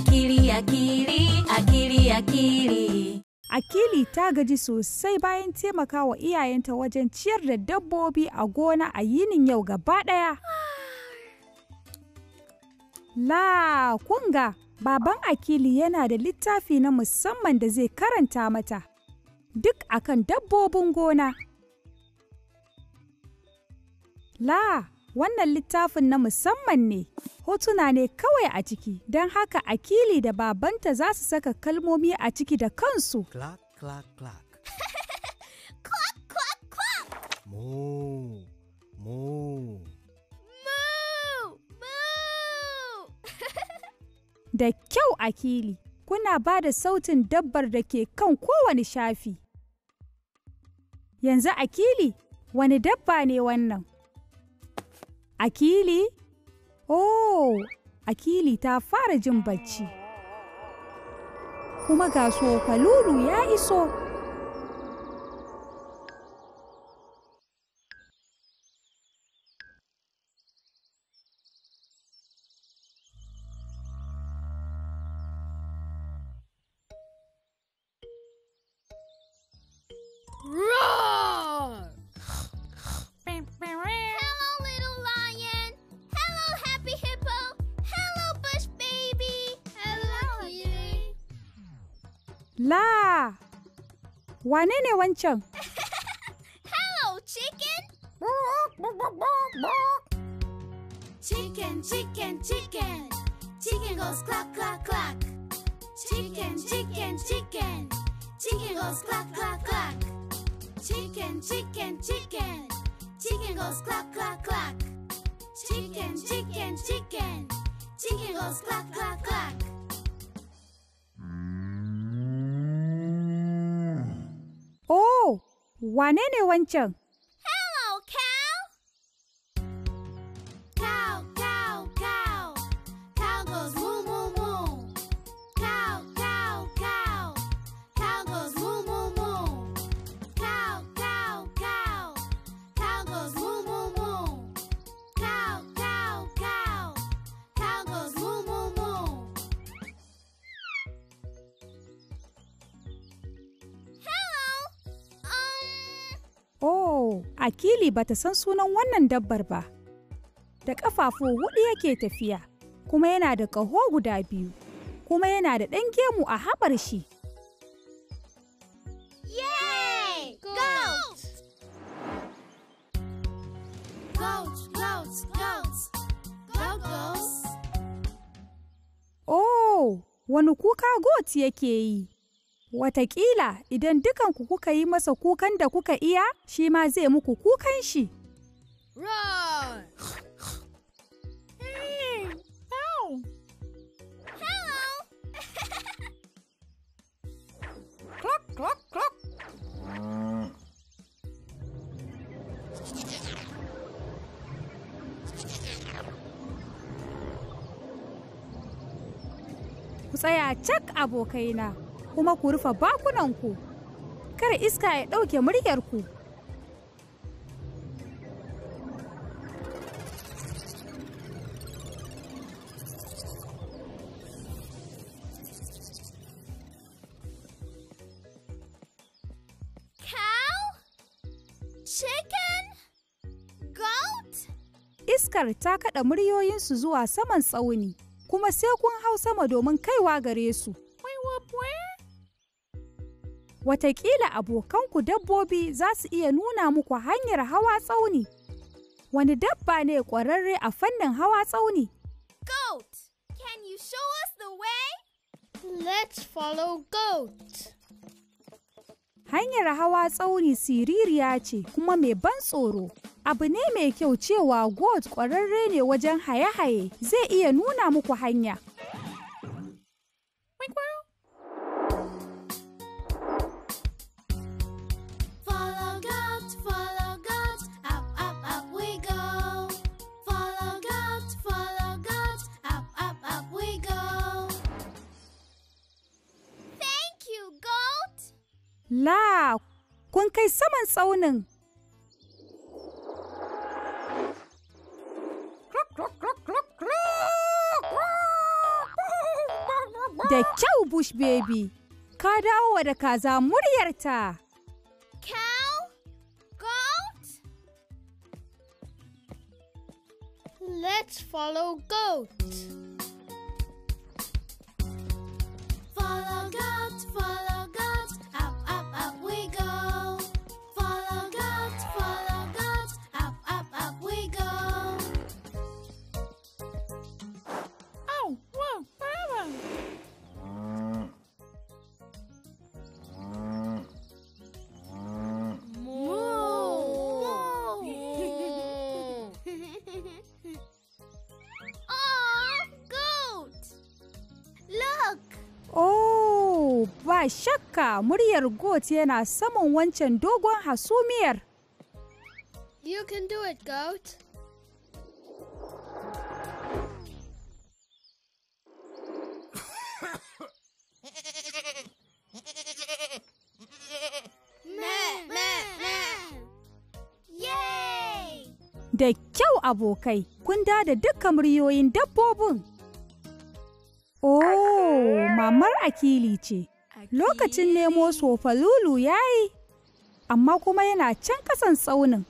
akili akili akili akili Akili ta gaji sosai bayan taimakawa iyayenta wajen ciyar da dabbobi a gona a yinin yau gaba ɗaya. La kunga baban Akili yana da littafi na musamman da zai karanta mata duk akan dabbobin gona. La Wannan littafin na musamman ne, hotuna ne kawai a ciki, don haka akili da babanta za su saka kalmomi a ciki da kansu. da kyau Akili, kuna ba da sautin dabbar da ke kan kowane shafi. Yanzu Akili, wani dabba ne wannan? Akili? Oh, Akili ta fara jin bacci. Kuma ga so ya iso. La! Wane ne wancan? Hello, chicken! Chicken, chicken, chicken. Chicken goes cluck, cluck, cluck. Chicken, chicken, chicken. Chicken goes cluck, cluck, cluck. Chicken, chicken, chicken. Chicken goes cluck, cluck, cluck. Chicken, chicken, chicken. Chicken goes cluck, cluck, cluck. Wane ne wancan? Akili akili bata san sunan wannan dabbar ba da ƙafafu huɗu yake tafiya kuma yana da ƙaho guda biyu kuma yana da ɗan gemu a haɓar shi Oh, wani kuka goat yake yi. Wataƙila idan dukanku kuka yi masa kukan da kuka iya, shi ma zai muku kukan shi. Ku tsaya cak abokaina. kuma ku rufe bakunanku kar iska ya ɗauke muryarku ku Goat? Iskar ta kaɗa muryoyinsu zuwa saman tsauni, kuma sai kun hau sama domin kaiwa gare su. Wai Wataƙila abokanku dabbobi za su iya nuna muku hanyar hawa tsauni. Wani dabba ne ƙwararre a fannin hawa tsauni? Goat! Can you show us the way? Let's follow goat. Hanyar hawa tsauni siririya ce kuma mai ban tsoro. Abu ne mai kyau cewa goat ƙwararre ne wajen haye-haye zai iya nuna muku hanya. kun kai saman tsaunin. Da kyau Bush Baby, ka dawo da kaza muryarta. Cow, goat. Let's follow goat. Oh, ba shakka muryar goat yana saman wancan dogon hasumiyar. You can do it, goat. Da kyau abokai, kun da dukkan muryoyin dabbobin. Oh! mamar akili ce, lokacin nemo sofalulu ya yi, amma kuma yana can kasan tsaunin.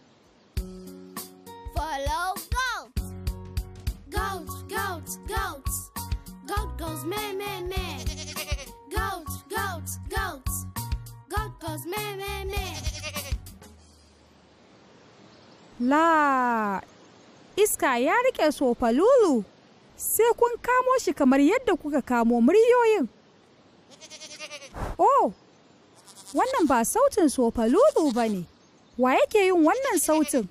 La, iska ya rike sofalulu. sai kun kamo shi kamar yadda kuka kamo muryoyin. Oh, wannan ba sautin sofalulu ba ne, wa yake yin wannan sautin?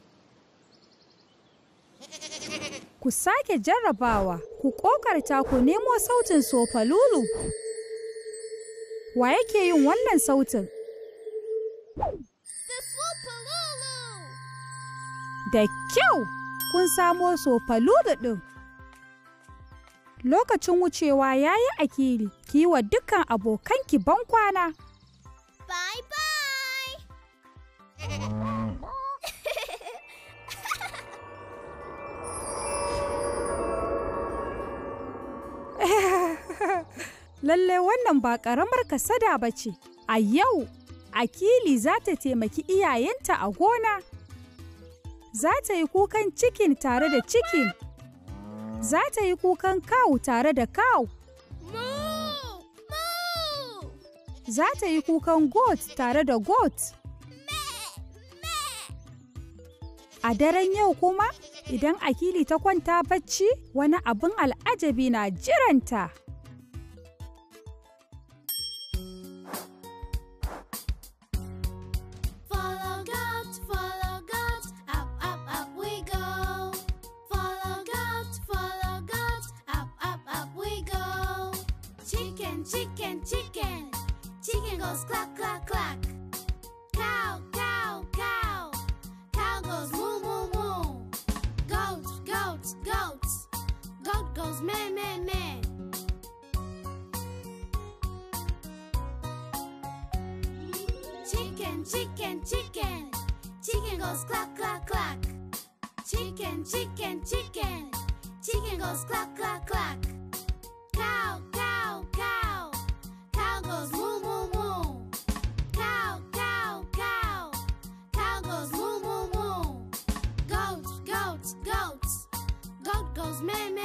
Ku sake jarrabawa, ku ƙoƙarta ku nemo sautin sofalulu. Wa yake yin wannan sautin? Da kyau kun samo sofalulu ɗin. lokacin wucewa ya yi akili, ki wa dukkan abokanki ban kwana. Bye bye! Lalle wannan ba ƙaramar kasada ba ce, a yau Akili za ta taimaki iyayenta a gona, za ta yi kukan cikin tare da cikin. za ta yi kukan kawu tare da kawu. Za ta yi kukan goat tare da goat. A daren yau kuma, idan akili ta kwanta bacci, wani abin al'ajabi na jiranta. Chicken, chicken, chicken. Chicken goes cluck, cluck, cluck. Cow, cow, cow. Cow goes moo, moo, moo. Goat, goat, goat. Goat goes meh, meh, meh. Chicken, chicken, chicken. Chicken goes cluck, cluck, cluck. Chicken, chicken, chicken. Chicken goes cluck, cluck, cluck. Cow, goats, Goat goes meh, meh.